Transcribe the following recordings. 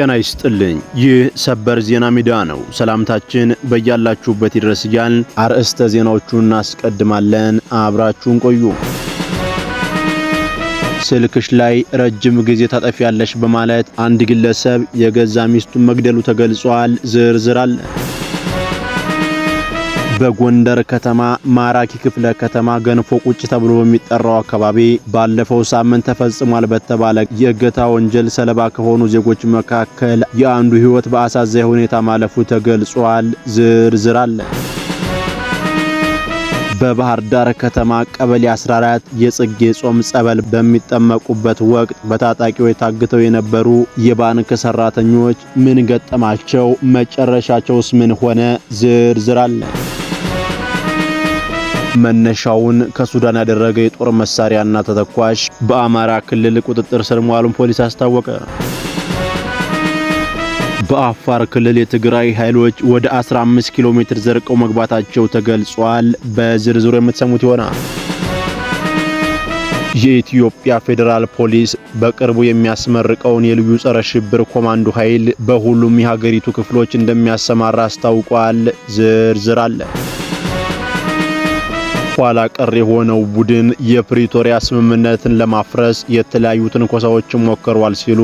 ጤና ይስጥልኝ። ይህ ሰበር ዜና ሚዲያ ነው። ሰላምታችን በያላችሁበት ይድረስ እያል አርዕስተ ዜናዎቹን እናስቀድማለን። አብራችሁን ቆዩ። ስልክሽ ላይ ረጅም ጊዜ ታጠፊያለሽ በማለት አንድ ግለሰብ የገዛ ሚስቱን መግደሉ ተገልጿል። ዝርዝር አለ። በጎንደር ከተማ ማራኪ ክፍለ ከተማ ገንፎ ቁጭ ተብሎ በሚጠራው አካባቢ ባለፈው ሳምንት ተፈጽሟል በተባለ የእገታ ወንጀል ሰለባ ከሆኑ ዜጎች መካከል የአንዱ ሕይወት በአሳዛኝ ሁኔታ ማለፉ ተገልጿል። ዝርዝር አለ። በባህር ዳር ከተማ ቀበሌ 14 የጽጌ ጾም ጸበል በሚጠመቁበት ወቅት በታጣቂዎች ታግተው የነበሩ የባንክ ሰራተኞች ምን ገጠማቸው? መጨረሻቸውስ ምን ሆነ? ዝርዝር አለ። መነሻውን ከሱዳን ያደረገ የጦር መሳሪያና ተተኳሽ በአማራ ክልል ቁጥጥር ስር መዋሉን ፖሊስ አስታወቀ። በአፋር ክልል የትግራይ ኃይሎች ወደ 15 ኪሎ ሜትር ዘርቀው መግባታቸው ተገልጿል። በዝርዝሩ የምትሰሙት ይሆናል። የኢትዮጵያ ፌዴራል ፖሊስ በቅርቡ የሚያስመርቀውን የልዩ ጸረ ሽብር ኮማንዶ ኃይል በሁሉም የሀገሪቱ ክፍሎች እንደሚያሰማራ አስታውቋል። ዝርዝር አለ። ኋላ ቀር የሆነው ቡድን የፕሪቶሪያ ስምምነትን ለማፍረስ የተለያዩ ትንኮሳዎችን ሞክሯል ሲሉ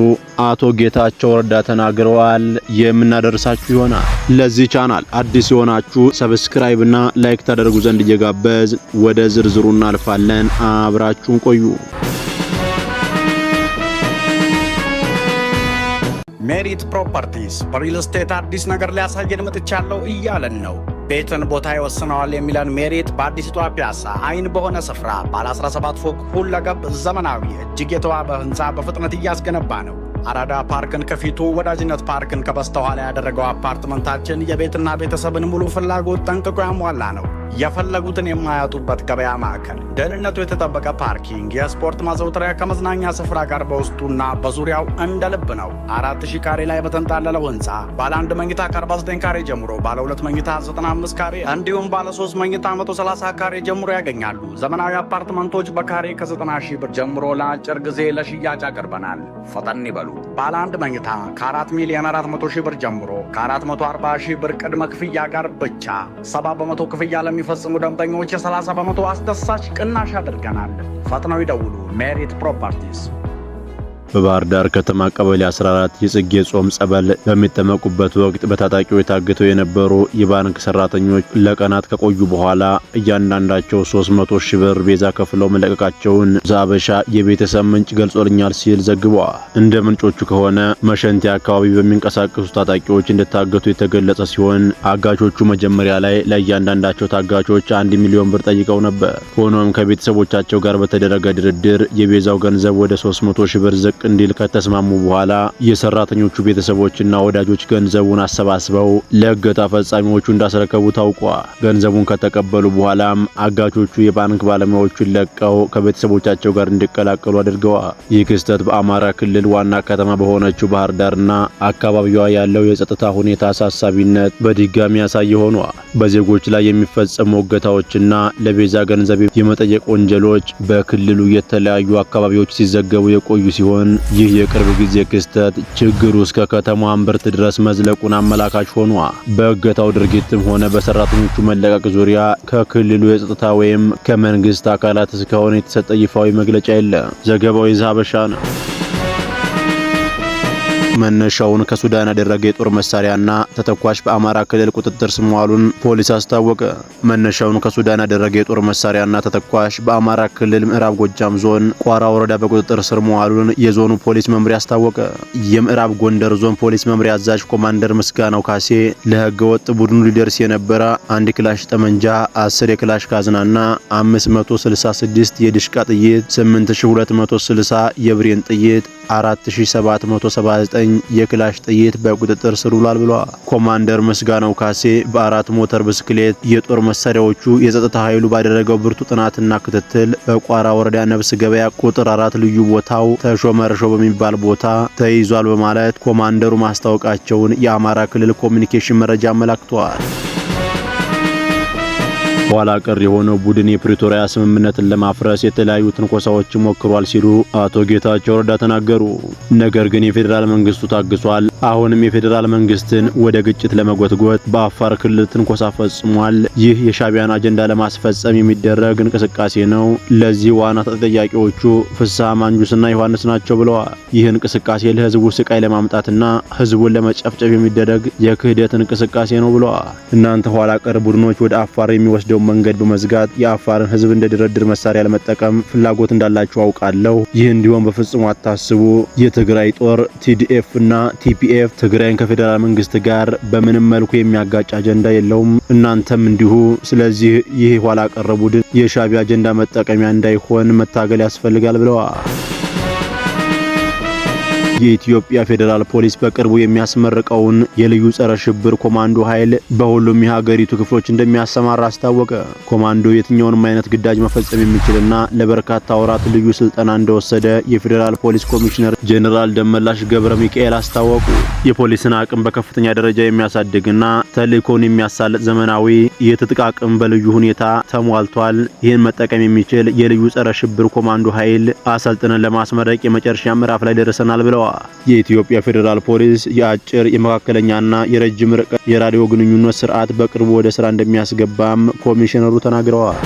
አቶ ጌታቸው ረዳ ተናግረዋል። የምናደርሳችሁ ይሆናል። ለዚህ ቻናል አዲስ የሆናችሁ ሰብስክራይብ እና ላይክ ታደርጉ ዘንድ እየጋበዝ ወደ ዝርዝሩ እናልፋለን። አብራችሁን ቆዩ። ሜሪት ፕሮፐርቲስ በሪል ስቴት አዲስ ነገር ሊያሳየን መጥቻለሁ እያለን ነው ቤትን ቦታ ይወስነዋል የሚለን ሜሪት በአዲስቷ ፒያሳ አይን በሆነ ስፍራ ባለ 17 ፎቅ ሁለገብ ዘመናዊ እጅግ የተዋበ ህንፃ በፍጥነት እያስገነባ ነው። አራዳ ፓርክን ከፊቱ ወዳጅነት ፓርክን ከበስተኋላ ያደረገው አፓርትመንታችን የቤትና ቤተሰብን ሙሉ ፍላጎት ጠንቅቆ ያሟላ ነው። የፈለጉትን የማያጡበት ገበያ ማዕከል፣ ደህንነቱ የተጠበቀ ፓርኪንግ፣ የስፖርት ማዘውተሪያ ከመዝናኛ ስፍራ ጋር በውስጡና በዙሪያው እንደ ልብ ነው። አራት ሺህ ካሬ ላይ በተንጣለለው ህንፃ ባለ አንድ መኝታ ከ49 ካሬ ጀምሮ ባለ ሁለት መኝታ 95 ካሬ እንዲሁም ባለ ሶስት መኝታ 130 ካሬ ጀምሮ ያገኛሉ። ዘመናዊ አፓርትመንቶች በካሬ ከ90 ሺህ ብር ጀምሮ ለአጭር ጊዜ ለሽያጭ አቅርበናል። ፈጠን ይበሉ። ይችላሉ። ባለ አንድ መኝታ ከ4 ሚሊዮን 400 ሺህ ብር ጀምሮ ከ440 ሺህ ብር ቅድመ ክፍያ ጋር ብቻ 70 በመቶ ክፍያ ለሚፈጽሙ ደንበኞች የ30 በመቶ አስደሳች ቅናሽ አድርገናል። ፈጥነው ይደውሉ። ሜሪት ፕሮፐርቲስ በባህር ዳር ከተማ ቀበሌ 14 የጽጌ ጾም ጸበል በሚጠመቁበት ወቅት በታጣቂዎች ታግተው የነበሩ የባንክ ሰራተኞች ለቀናት ከቆዩ በኋላ እያንዳንዳቸው 300 ሺህ ብር ቤዛ ከፍለው መለቀቃቸውን ዛበሻ የቤተሰብ ምንጭ ገልጾልኛል ሲል ዘግቧል። እንደ ምንጮቹ ከሆነ መሸንቲ አካባቢ በሚንቀሳቀሱ ታጣቂዎች እንደታገቱ የተገለጸ ሲሆን አጋቾቹ መጀመሪያ ላይ ለእያንዳንዳቸው ታጋቾች አንድ ሚሊዮን ብር ጠይቀው ነበር። ሆኖም ከቤተሰቦቻቸው ጋር በተደረገ ድርድር የቤዛው ገንዘብ ወደ 300 ሺህ ብር ዝቅ ብቅ እንዲል ከተስማሙ በኋላ የሰራተኞቹ ቤተሰቦችና ወዳጆች ገንዘቡን አሰባስበው ለእገታ ፈጻሚዎቹ እንዳስረከቡ ታውቋል። ገንዘቡን ከተቀበሉ በኋላም አጋቾቹ የባንክ ባለሙያዎቹን ለቀው ከቤተሰቦቻቸው ጋር እንዲቀላቀሉ አድርገዋል። ይህ ክስተት በአማራ ክልል ዋና ከተማ በሆነችው ባህር ዳርና አካባቢዋ ያለው የጸጥታ ሁኔታ አሳሳቢነት በድጋሚ ያሳይ ሆኗል። በዜጎች ላይ የሚፈጸሙ እገታዎችና ለቤዛ ገንዘብ የመጠየቅ ወንጀሎች በክልሉ የተለያዩ አካባቢዎች ሲዘገቡ የቆዩ ሲሆን ሲሆን ይህ የቅርብ ጊዜ ክስተት ችግሩ እስከ ከተማ እምብርት ድረስ መዝለቁን አመላካች ሆኗል። በእገታው ድርጊትም ሆነ በሰራተኞቹ መለቀቅ ዙሪያ ከክልሉ የጸጥታ ወይም ከመንግስት አካላት እስካሁን የተሰጠ ይፋዊ መግለጫ የለም። ዘገባው ሀበሻ ነው። መነሻውን ከሱዳን ያደረገ የጦር መሳሪያና ተተኳሽ በአማራ ክልል ቁጥጥር ስር መዋሉን ፖሊስ አስታወቀ። መነሻውን ከሱዳን ያደረገ የጦር መሳሪያና ተተኳሽ በአማራ ክልል ምዕራብ ጎጃም ዞን ቋራ ወረዳ በቁጥጥር ስር መዋሉን የዞኑ ፖሊስ መምሪያ አስታወቀ። የምዕራብ ጎንደር ዞን ፖሊስ መምሪያ አዛዥ ኮማንደር ምስጋናው ካሴ ለህገወጥ ቡድኑ ሊደርስ የነበረ አንድ ክላሽ ጠመንጃ፣ አስር የክላሽ ካዝናና 566 የድሽቃ ጥይት፣ 8260 የብሬን ጥይት፣ 4779 የክላሽ ጥይት በቁጥጥር ስር ውሏል ብሏል። ኮማንደር ምስጋናው ካሴ በአራት ሞተር ብስክሌት የጦር መሳሪያዎቹ የጸጥታ ኃይሉ ባደረገው ብርቱ ጥናትና ክትትል በቋራ ወረዳ ነብስ ገበያ ቁጥር አራት ልዩ ቦታው ተሾመርሾ በሚባል ቦታ ተይዟል በማለት ኮማንደሩ ማስታወቃቸውን የአማራ ክልል ኮሚኒኬሽን መረጃ አመላክተዋል። ኋላ ቀር የሆነው ቡድን የፕሪቶሪያ ስምምነትን ለማፍረስ የተለያዩ ትንኮሳዎችን ሞክሯል ሲሉ አቶ ጌታቸው ረዳ ተናገሩ። ነገር ግን የፌዴራል መንግስቱ ታግሷል። አሁንም የፌዴራል መንግስትን ወደ ግጭት ለመጎትጎት በአፋር ክልል ትንኮሳ ፈጽሟል። ይህ የሻቢያን አጀንዳ ለማስፈጸም የሚደረግ እንቅስቃሴ ነው። ለዚህ ዋና ተጠያቂዎቹ ፍስሐ ማንጁስና ዮሐንስ ናቸው ብለዋል። ይህ እንቅስቃሴ ለህዝቡ ስቃይ ለማምጣትና ህዝቡን ለመጨፍጨፍ የሚደረግ የክህደት እንቅስቃሴ ነው ብለዋል። እናንተ ኋላ ቀር ቡድኖች ወደ አፋር የሚወስደው ያለውን መንገድ በመዝጋት የአፋርን ህዝብ እንደ ድርድር መሳሪያ ለመጠቀም ፍላጎት እንዳላቸው አውቃለሁ። ይህ እንዲሆን በፍጹም አታስቡ። የትግራይ ጦር ቲዲኤፍ እና ቲፒኤፍ ትግራይን ከፌዴራል መንግስት ጋር በምንም መልኩ የሚያጋጭ አጀንዳ የለውም፣ እናንተም እንዲሁ። ስለዚህ ይህ ኋላ ቀረ ቡድን አጀንዳ መጠቀሚያ እንዳይሆን መታገል ያስፈልጋል ብለዋል። የኢትዮጵያ ፌዴራል ፖሊስ በቅርቡ የሚያስመርቀውን የልዩ ጸረ ሽብር ኮማንዶ ኃይል በሁሉም የሀገሪቱ ክፍሎች እንደሚያሰማራ አስታወቀ። ኮማንዶ የትኛውንም አይነት ግዳጅ መፈጸም የሚችልና ለበርካታ ወራት ልዩ ስልጠና እንደወሰደ የፌዴራል ፖሊስ ኮሚሽነር ጄኔራል ደመላሽ ገብረ ሚካኤል አስታወቁ። የፖሊስን አቅም በከፍተኛ ደረጃ የሚያሳድግና ተልእኮን የሚያሳልጥ ዘመናዊ የትጥቅ አቅም በልዩ ሁኔታ ተሟልቷል። ይህን መጠቀም የሚችል የልዩ ጸረ ሽብር ኮማንዶ ኃይል አሰልጥነን ለማስመረቅ የመጨረሻ ምዕራፍ ላይ ደርሰናል ብለዋል። የኢትዮጵያ ፌዴራል ፖሊስ የአጭር የመካከለኛና የረጅም ርቀት የራዲዮ ግንኙነት ስርዓት በቅርቡ ወደ ስራ እንደሚያስገባም ኮሚሽነሩ ተናግረዋል።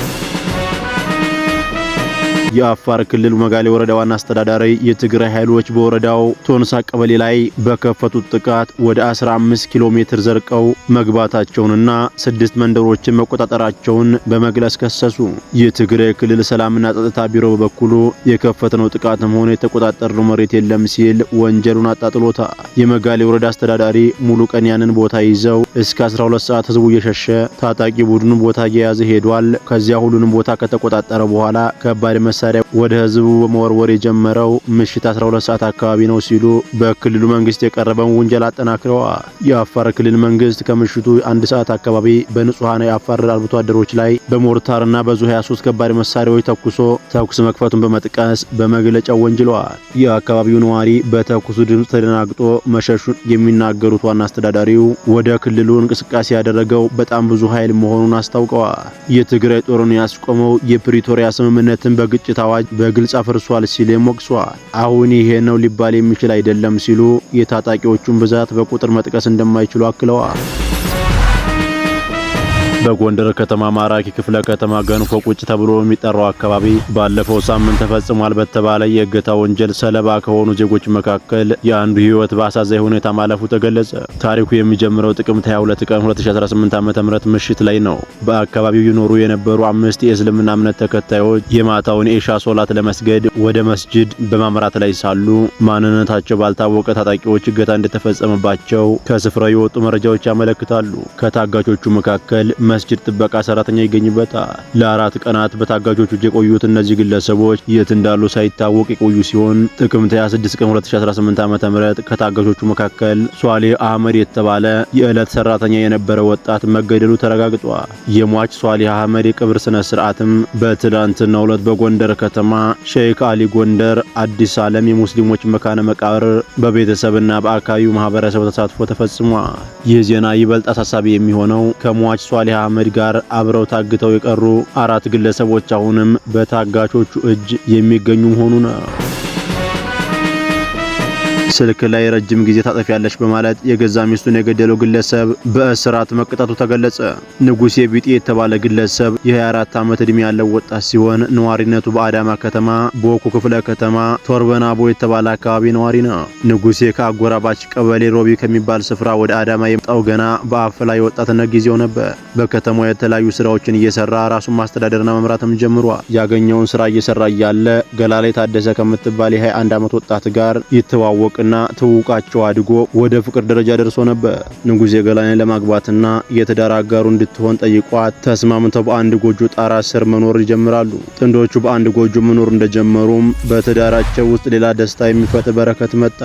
የአፋር ክልል መጋሌ ወረዳ ዋና አስተዳዳሪ የትግራይ ኃይሎች በወረዳው ቶንሳ ቀበሌ ላይ በከፈቱት ጥቃት ወደ 15 ኪሎ ሜትር ዘርቀው መግባታቸውንና ስድስት መንደሮችን መቆጣጠራቸውን በመግለጽ ከሰሱ። የትግራይ ክልል ሰላምና ጸጥታ ቢሮ በበኩሉ የከፈትነው ጥቃትም ሆነ የተቆጣጠርነው መሬት የለም ሲል ወንጀሉን አጣጥሎታል። የመጋሌ ወረዳ አስተዳዳሪ ሙሉ ቀን ያንን ቦታ ይዘው እስከ 12 ሰዓት ህዝቡ እየሸሸ ታጣቂ ቡድኑ ቦታ እየያዘ ሄዷል። ከዚያ ሁሉንም ቦታ ከተቆጣጠረ በኋላ ከባድ መሰ መሳሪያ ወደ ህዝቡ በመወርወር የጀመረው ምሽት 12 ሰዓት አካባቢ ነው ሲሉ በክልሉ መንግስት የቀረበውን ውንጀላ አጠናክረዋል። የአፋር ክልል መንግስት ከምሽቱ አንድ ሰዓት አካባቢ በንጹሐን የአፋር አርብቶ አደሮች ላይ በሞርታርና በዙ 23 ከባድ መሳሪያዎች ተኩሶ ተኩስ መክፈቱን በመጥቀስ በመግለጫው ወንጅለዋል። የአካባቢው ነዋሪ በተኩሱ ድምፅ ተደናግጦ መሸሹን የሚናገሩት ዋና አስተዳዳሪው ወደ ክልሉ እንቅስቃሴ ያደረገው በጣም ብዙ ኃይል መሆኑን አስታውቀዋል። የትግራይ ጦርን ያስቆመው የፕሪቶሪያ ስምምነትን በግጭት የግጭት አዋጅ በግልጽ አፈርሷል ሲልም ወቅሷል። አሁን ይሄ ነው ሊባል የሚችል አይደለም ሲሉ የታጣቂዎቹን ብዛት በቁጥር መጥቀስ እንደማይችሉ አክለዋል። በጎንደር ከተማ ማራኪ ክፍለ ከተማ ገንፎ ቁጭ ተብሎ በሚጠራው አካባቢ ባለፈው ሳምንት ተፈጽሟል በተባለ የእገታ ወንጀል ሰለባ ከሆኑ ዜጎች መካከል የአንዱ ህይወት በአሳዛኝ ሁኔታ ማለፉ ተገለጸ። ታሪኩ የሚጀምረው ጥቅምት 22 ቀን 2018 ዓ.ም ምሽት ላይ ነው። በአካባቢው ይኖሩ የነበሩ አምስት የእስልምና እምነት ተከታዮች የማታውን የኢሻ ሶላት ለመስገድ ወደ መስጅድ በማምራት ላይ ሳሉ ማንነታቸው ባልታወቀ ታጣቂዎች እገታ እንደተፈጸመባቸው ከስፍራው የወጡ መረጃዎች ያመለክታሉ። ከታጋቾቹ መካከል የመስጂድ ጥበቃ ሰራተኛ ይገኝበታል። ለአራት ቀናት በታጋቾቹ እጅ የቆዩት እነዚህ ግለሰቦች የት እንዳሉ ሳይታወቅ የቆዩ ሲሆን ጥቅምት 26 ቀን 2018 ዓ.ም ከታጋቾቹ መካከል ሷሌ አህመድ የተባለ የዕለት ሰራተኛ የነበረ ወጣት መገደሉ ተረጋግጧል። የሟች ሷሌ አህመድ የቅብር ስነ ስርዓትም በትናንትናው ዕለት በጎንደር ከተማ ሼክ አሊ ጎንደር አዲስ ዓለም የሙስሊሞች መካነ መቃብር በቤተሰብና በአካባቢው ማህበረሰብ ተሳትፎ ተፈጽሟል። ይህ ዜና ይበልጥ አሳሳቢ የሚሆነው ከሟች ሷሊህ አህመድ ጋር አብረው ታግተው የቀሩ አራት ግለሰቦች አሁንም በታጋቾቹ እጅ የሚገኙ መሆኑ ነው። ስልክ ላይ ረጅም ጊዜ ታጠፊያለች በማለት የገዛ ሚስቱን የገደለው ግለሰብ በእስራት መቅጣቱ ተገለጸ። ንጉሴ ቢጤ የተባለ ግለሰብ የ24 ዓመት ዕድሜ ያለው ወጣት ሲሆን ነዋሪነቱ በአዳማ ከተማ ቦኩ ክፍለ ከተማ ቶርበናቦ የተባለ አካባቢ ነዋሪ ነው። ንጉሴ ከአጎራባች ቀበሌ ሮቢ ከሚባል ስፍራ ወደ አዳማ የመጣው ገና በአፍላ የወጣትነት ጊዜው ነበር። በከተማው የተለያዩ ስራዎችን እየሰራ ራሱን ማስተዳደርና መምራትም ጀምሯል። ያገኘውን ስራ እየሰራ እያለ ገላላይ ታደሰ ከምትባል የ21 ዓመት ወጣት ጋር ይተዋወቅ ማወቅና ትውውቃቸው አድጎ ወደ ፍቅር ደረጃ ደርሶ ነበር። ንጉሴ ገላኔን ለማግባትና የትዳር አጋሩ እንድትሆን ጠይቋት ተስማምተው በአንድ ጎጆ ጣራ ስር መኖር ይጀምራሉ። ጥንዶቹ በአንድ ጎጆ መኖር እንደጀመሩም በትዳራቸው ውስጥ ሌላ ደስታ የሚፈጥር በረከት መጣ።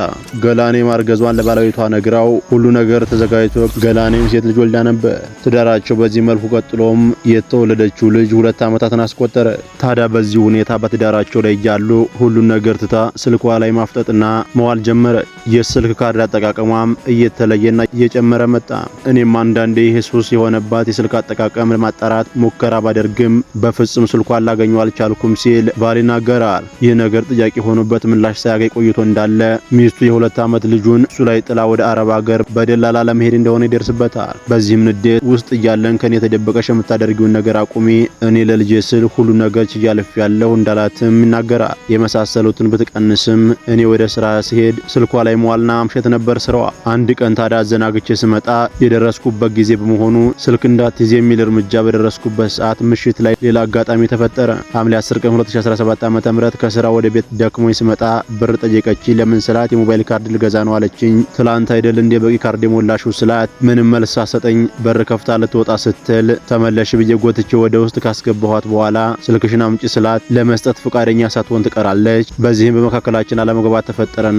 ገላኔ ማርገዟን ለባለቤቷ ነግራው ሁሉ ነገር ተዘጋጅቶ ገላኔም ሴት ልጅ ወልዳ ነበር። ትዳራቸው በዚህ መልኩ ቀጥሎም የተወለደችው ልጅ ሁለት ዓመታትን አስቆጠረ። ታዲያ በዚህ ሁኔታ በትዳራቸው ላይ እያሉ ሁሉን ነገር ትታ ስልኳ ላይ ማፍጠጥና መዋል ጀመረ። ጀመረ። የስልክ ካርድ አጠቃቀሟም እየተለየና እየጨመረ መጣ። እኔም አንዳንዴ ይሄ ሱስ የሆነባት የስልክ አጠቃቀም ለማጣራት ሙከራ ባደርግም በፍጹም ስልኳን ላገኘው አልቻልኩም ሲል ባል ይናገራል። ይህ ነገር ጥያቄ ሆኖበት ምላሽ ሳያገኝ ቆይቶ እንዳለ ሚስቱ የሁለት ዓመት ልጁን እሱ ላይ ጥላ ወደ አረብ ሀገር በደላላ ለመሄድ እንደሆነ ይደርስበታል። በዚህም ንዴት ውስጥ እያለን ከኔ የተደበቀሽ የምታደርጊውን ነገር አቁሚ፣ እኔ ለልጄ ስል ሁሉ ነገር ችያለፍ ያለሁ እንዳላትም ይናገራል። የመሳሰሉትን ብትቀንስም እኔ ወደ ስራ ሲሄድ ስልኳ ላይ መዋልና አምሸት ነበር ስራዋ። አንድ ቀን ታዲያ አዘናግቼ ስመጣ የደረስኩበት ጊዜ በመሆኑ ስልክ እንዳትይዝ የሚል እርምጃ በደረስኩበት ሰዓት ምሽት ላይ ሌላ አጋጣሚ ተፈጠረ። ሐምሌ 10 ቀን 2017 ዓ.ም ከስራ ወደ ቤት ደክሞኝ ስመጣ ብር ጠየቀች። ለምን ስላት የሞባይል ካርድ ልገዛ ነው አለችኝ። ትላንት አይደል እንደ በቂ ካርድ የሞላሽው ስላት ምንም መልስ ሳሰጠኝ በር ከፍታ ልትወጣ ስትል ተመለሽ ብዬ ጎትቼ ወደ ውስጥ ካስገባኋት በኋላ ስልክሽን አምጪ ስላት ለመስጠት ፈቃደኛ ሳትሆን ትቀራለች። በዚህም በመካከላችን አለመግባት ተፈጠረና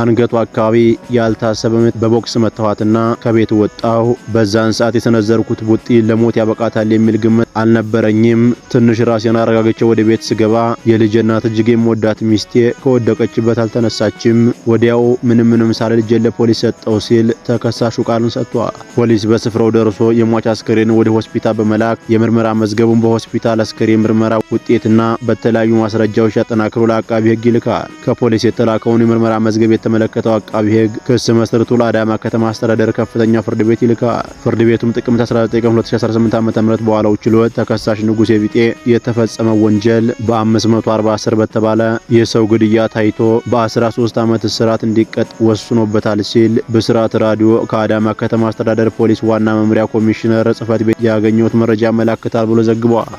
አንገቱ አካባቢ ያልታሰበ በቦክስ መታዋትና ከቤት ወጣሁ። በዛን ሰዓት የሰነዘርኩት ቡጢ ለሞት ያበቃታል የሚል ግምት አልነበረኝም። ትንሽ ራሴን አረጋግቼ ወደ ቤት ስገባ የልጄ እናት እጅግ የምወዳት ሚስቴ ከወደቀችበት አልተነሳችም። ወዲያው ምንም ምንም ሳለ ልጄን ለፖሊስ ሰጠው ሲል ተከሳሹ ቃሉን ሰጥቷል። ፖሊስ በስፍራው ደርሶ የሟች አስክሬን ወደ ሆስፒታል በመላክ የምርመራ መዝገቡን በሆስፒታል አስክሬን ምርመራ ውጤትና በተለያዩ ማስረጃዎች አጠናክሮ ለአቃቢ ሕግ ይልካል። ከፖሊስ የተላከውን የምርመራ መዝገብ የተመለከተው አቃቢ ህግ ክስ መስርቶ ለአዳማ ከተማ አስተዳደር ከፍተኛ ፍርድ ቤት ይልካል። ፍርድ ቤቱም ጥቅምት 19 ቀን 2018 ዓ.ም በኋላው ችሎት ተከሳሽ ንጉሴ ቢጤ የተፈጸመው ወንጀል በ540 በተባለ የሰው ግድያ ታይቶ በ13 ዓመት እስራት እንዲቀጥ ወስኖበታል ሲል ብስራት ራዲዮ ከአዳማ ከተማ አስተዳደር ፖሊስ ዋና መምሪያ ኮሚሽነር ጽህፈት ቤት ያገኘሁት መረጃ ያመላክታል ብሎ ዘግቧል።